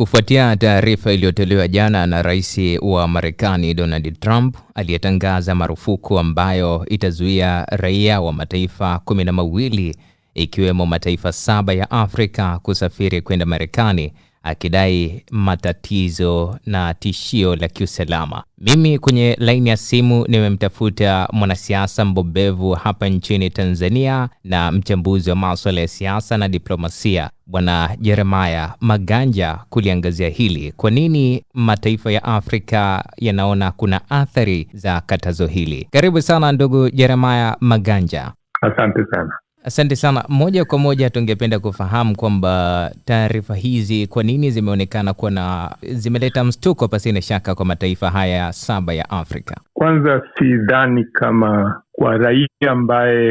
Kufuatia taarifa iliyotolewa jana na rais wa Marekani Donald Trump aliyetangaza marufuku ambayo itazuia raia wa mataifa kumi na mawili ikiwemo mataifa saba ya Afrika kusafiri kwenda Marekani akidai matatizo na tishio la kiusalama. Mimi kwenye laini ya simu nimemtafuta mwanasiasa mbobevu hapa nchini Tanzania na mchambuzi wa maswala ya siasa na diplomasia, Bwana Jeremaya Maganja kuliangazia hili. Kwa nini mataifa ya Afrika yanaona kuna athari za katazo hili? Karibu sana ndugu Jeremaya Maganja. Asante sana. Asante sana. Moja kwa moja, tungependa kufahamu kwamba taarifa hizi kwa nini zimeonekana kuwa na zimeleta pasi pasina shaka kwa mataifa haya saba ya Afrika. Kwanza sidhani kama kwa raia ambaye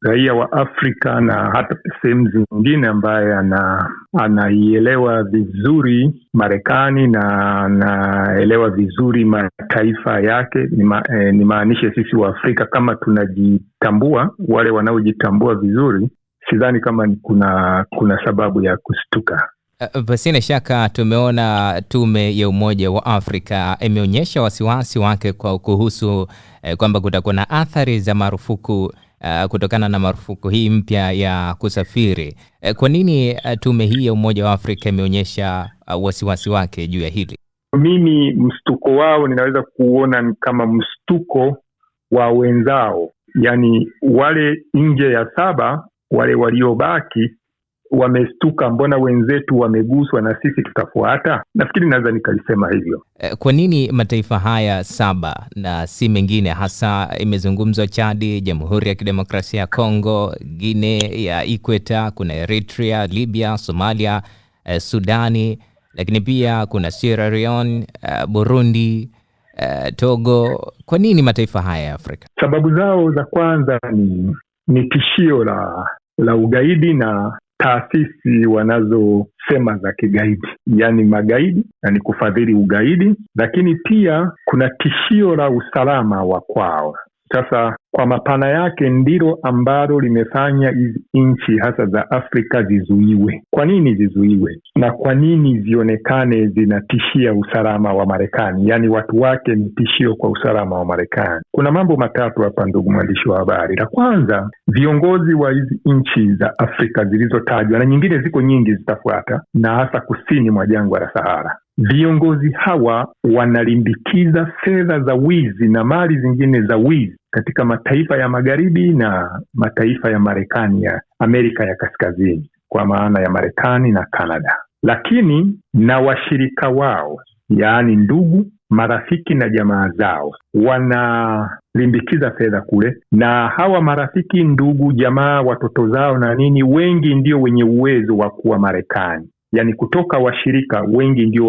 raia wa Afrika na hata sehemu zingine ambaye ana anaielewa vizuri Marekani na anaelewa vizuri mataifa yake, nimaanishe eh, sisi wa Afrika kama tunajitambua, wale wanaojitambua vizuri, sidhani kama kuna kuna sababu ya kushtuka. Pasina eh, shaka tumeona tume ya Umoja wa Afrika imeonyesha wasiwasi wake kwa kuhusu eh, kwamba kutakuwa na athari za marufuku Uh, kutokana na marufuku hii mpya ya kusafiri. eh, kwa nini uh, tume hii ya Umoja wa Afrika imeonyesha uh, wasiwasi wake juu ya hili? Mimi mstuko wao ninaweza kuona kama mstuko wa wenzao, yaani wale nje ya saba wale waliobaki wamestuka, mbona wenzetu wameguswa na sisi tutafuata? Nafikiri naweza nikalisema hivyo. Eh, kwa nini mataifa haya saba na si mengine? Hasa imezungumzwa Chadi, Jamhuri ya Kidemokrasia ya Kongo, Guine ya Ikweta, kuna Eritrea, Libya, Somalia, eh, Sudani, lakini pia kuna Sierra Leone, eh, Burundi eh, Togo. Kwa nini mataifa haya ya Afrika? Sababu zao za kwanza ni ni tishio la la ugaidi na taasisi wanazosema za kigaidi, yaani magaidi na ni kufadhili ugaidi, lakini pia kuna tishio la usalama wa kwao sasa kwa mapana yake ndilo ambalo limefanya hizi nchi hasa za Afrika zizuiwe. Kwa nini zizuiwe na kwa nini zionekane zinatishia usalama wa Marekani? Yaani watu wake ni tishio kwa usalama wa Marekani. Kuna mambo matatu hapa, ndugu mwandishi wa habari. La kwanza, viongozi wa hizi nchi za Afrika zilizotajwa na nyingine ziko nyingi zitafuata, na hasa kusini mwa jangwa la Sahara, Viongozi hawa wanalimbikiza fedha za wizi na mali zingine za wizi katika mataifa ya magharibi na mataifa ya Marekani ya Amerika ya Kaskazini, kwa maana ya Marekani na Kanada, lakini na washirika wao, yaani ndugu, marafiki na jamaa zao wanalimbikiza fedha kule, na hawa marafiki, ndugu, jamaa, watoto zao na nini, wengi ndio wenye uwezo wa kuwa Marekani yani kutoka washirika wengi ndio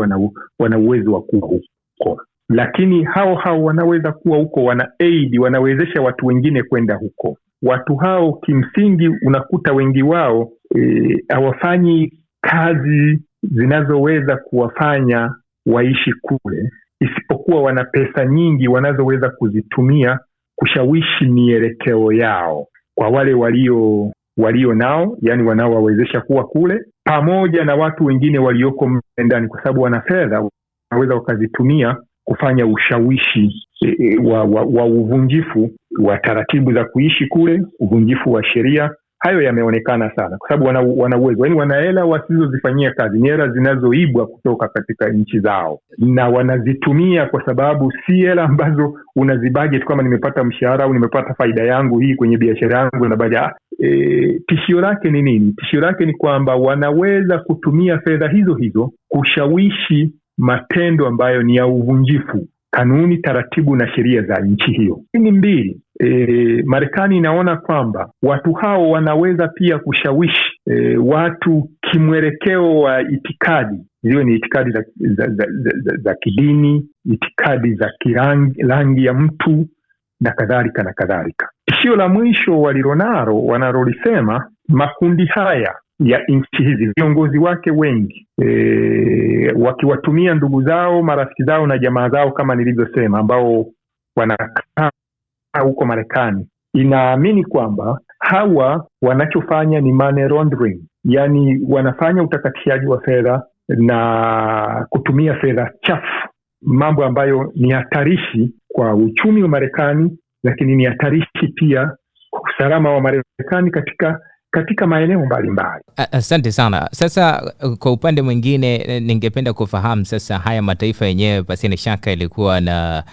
wana uwezo wa kuwa huko lakini hao hao wanaweza kuwa huko wana aid wanawezesha watu wengine kwenda huko watu hao kimsingi unakuta wengi wao e, hawafanyi e, kazi zinazoweza kuwafanya waishi kule isipokuwa wana pesa nyingi wanazoweza kuzitumia kushawishi mielekeo yao kwa wale walio walio nao, yani wanaowawezesha kuwa kule, pamoja na watu wengine walioko ndani, kwa sababu wana fedha wanaweza wakazitumia kufanya ushawishi e, e, wa, wa, wa uvunjifu wa taratibu za kuishi kule, uvunjifu wa sheria. Hayo yameonekana sana, kwa sababu wana, uwezo, yani wana hela wasizozifanyia kazi, ni hela zinazoibwa kutoka katika nchi zao, na wanazitumia kwa sababu si hela ambazo unazibajet kama nimepata mshahara au nimepata faida yangu hii kwenye biashara yangu, na baada E, tishio lake ni nini? Tishio lake ni kwamba wanaweza kutumia fedha hizo hizo kushawishi matendo ambayo ni ya uvunjifu kanuni, taratibu na sheria za nchi hiyo. Ni mbili E, Marekani inaona kwamba watu hao wanaweza pia kushawishi e, watu kimwelekeo wa itikadi, ziwe ni itikadi za, za, za, za, za kidini, itikadi za kirangi rangi ya mtu na kadhalika na kadhalika. Tishio la mwisho walilonalo wanalolisema makundi haya ya nchi hizi viongozi wake wengi e, wakiwatumia ndugu zao, marafiki zao na jamaa zao kama nilivyosema, ambao wanakaa huko Marekani, inaamini kwamba hawa wanachofanya ni money laundering, yani wanafanya utakatishaji wa fedha na kutumia fedha chafu, mambo ambayo ni hatarishi kwa uchumi wa Marekani lakini ni hatarishi pia kwa usalama wa Marekani katika katika maeneo mbalimbali. Asante sana. Sasa uh, kwa upande mwingine, eh, ningependa kufahamu sasa, haya mataifa yenyewe pasina shaka yalikuwa na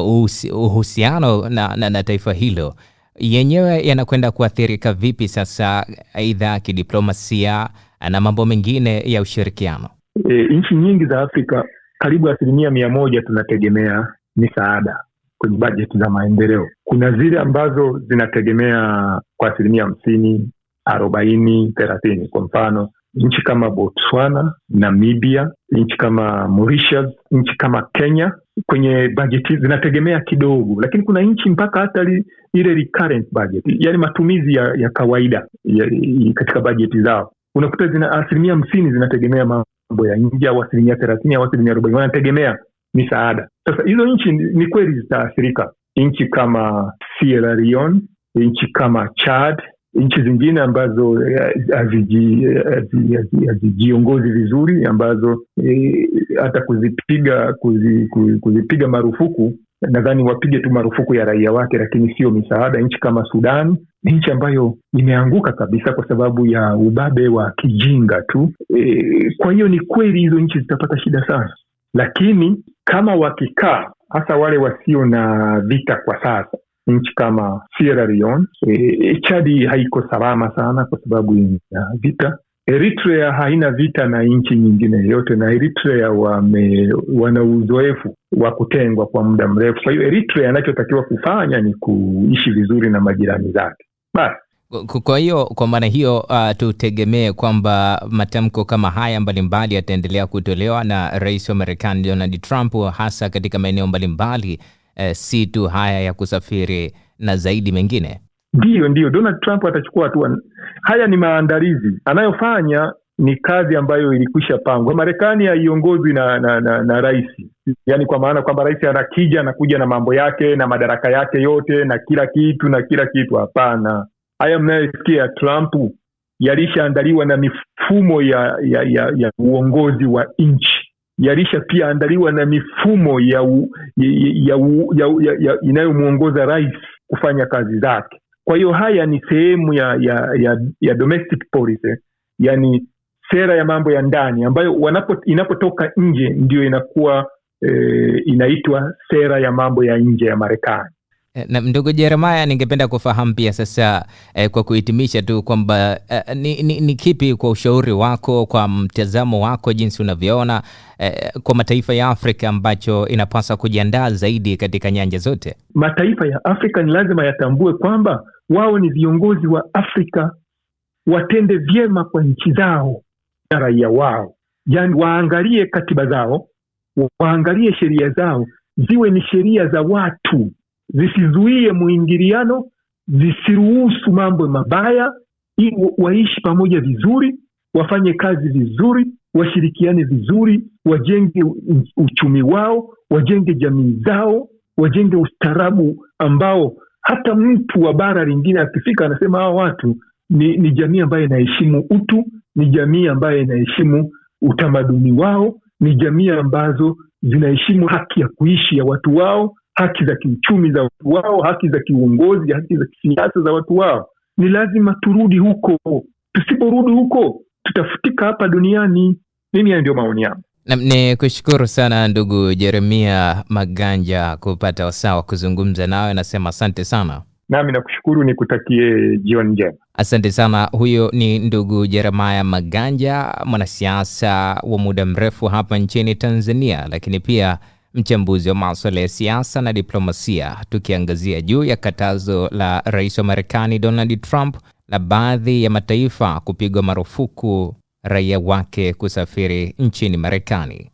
uh, uhusiano na, na, na taifa hilo yenyewe yanakwenda kuathirika vipi sasa, aidha kidiplomasia uh, na mambo mengine ya ushirikiano? E, nchi nyingi za Afrika karibu asilimia mia moja tunategemea misaada kwenye bajeti za maendeleo. Kuna zile ambazo zinategemea kwa asilimia hamsini, arobaini, thelathini. Kwa mfano nchi kama Botswana, Namibia, nchi kama Mauritius, nchi kama Kenya kwenye bajeti zinategemea kidogo, lakini kuna nchi mpaka hata li, ile recurrent budget, matumizi ya, ya kawaida ya, katika bajeti zao unakuta zina asilimia hamsini zinategemea mambo ya nje au asilimia thelathini au asilimia arobaini wanategemea misaada. Sasa hizo nchi ni kweli zitaathirika, nchi kama Sierra Leone, nchi kama Chad, nchi zingine ambazo eh, hazijiongozi vizuri, ambazo eh, hata e, kuzipiga kuzi, kuzipiga marufuku nadhani wapige tu marufuku ya raia wake, lakini sio misaada. Nchi kama Sudan ni nchi ambayo imeanguka kabisa kwa sababu ya ubabe wa kijinga tu e. Kwa hiyo ni kweli hizo nchi zitapata shida sana lakini kama wakikaa hasa wale wasio na vita kwa sasa nchi kama Sierra Leone e, e Chadi haiko salama sana kwa sababu ina vita. Eritrea haina vita na nchi nyingine yoyote, na Eritrea wame, wana uzoefu wa kutengwa kwa muda mrefu. Kwa hiyo Eritrea anachotakiwa kufanya ni kuishi vizuri na majirani zake basi kwa hiyo kwa maana hiyo, uh, tutegemee kwamba matamko kama haya mbalimbali yataendelea kutolewa na rais wa Marekani Donald Trump, hasa katika maeneo mbalimbali, uh, si tu haya ya kusafiri na zaidi mengine. Ndiyo, ndiyo, Donald Trump atachukua hatua. Haya ni maandalizi anayofanya, ni kazi ambayo ilikwisha pangwa. Marekani haiongozwi na, na, na, na rais, yaani kwa maana kwamba rais anakija anakuja na mambo yake na madaraka yake yote na kila kitu na kila kitu, hapana. Haya mnayosikia Trump yalishaandaliwa na mifumo ya, ya, ya, ya uongozi wa nchi, yalisha pia andaliwa na mifumo ya, ya, ya, ya, ya, ya inayomwongoza rais kufanya kazi zake. Kwa hiyo haya ni sehemu ya, ya, ya, ya domestic policy, yani sera ya mambo ya ndani ambayo wanapo, inapotoka nje ndiyo inakuwa e, inaitwa sera ya mambo ya nje ya Marekani. Eh, na mdogo Jeremaya, ningependa kufahamu pia sasa eh, kwa kuhitimisha tu kwamba eh, ni, ni, ni kipi kwa ushauri wako kwa mtazamo wako jinsi unavyoona eh, kwa mataifa ya Afrika ambacho inapaswa kujiandaa zaidi katika nyanja zote? Mataifa ya Afrika ni lazima yatambue kwamba wao ni viongozi wa Afrika, watende vyema kwa nchi zao na raia wao, yani waangalie katiba zao, waangalie sheria zao ziwe ni sheria za watu zisizuie mwingiliano, zisiruhusu mambo mabaya, ili waishi pamoja vizuri, wafanye kazi vizuri, washirikiane vizuri, wajenge uchumi wao, wajenge jamii zao, wajenge ustaarabu ambao hata mtu wa bara lingine akifika anasema hawa watu ni, ni jamii ambayo inaheshimu utu, ni jamii ambayo inaheshimu utamaduni wao, ni jamii ambazo zinaheshimu haki ya kuishi ya watu wao, haki za kiuchumi za watu wao, haki za kiuongozi, haki za kisiasa za watu wao. Ni lazima turudi huko. Tusiporudi huko, tutafutika hapa duniani. Mimi ndio maoni yangu. Ni kushukuru sana ndugu Jeremia Maganja kupata wasaa wa kuzungumza nawe, nasema asante sana. Nami nakushukuru, nikutakie jioni njema. Asante sana. Huyo ni ndugu Jeremaya Maganja, mwanasiasa wa muda mrefu hapa nchini Tanzania, lakini pia mchambuzi wa masuala ya siasa na diplomasia, tukiangazia juu ya katazo la rais wa Marekani Donald Trump la baadhi ya mataifa kupigwa marufuku raia wake kusafiri nchini Marekani.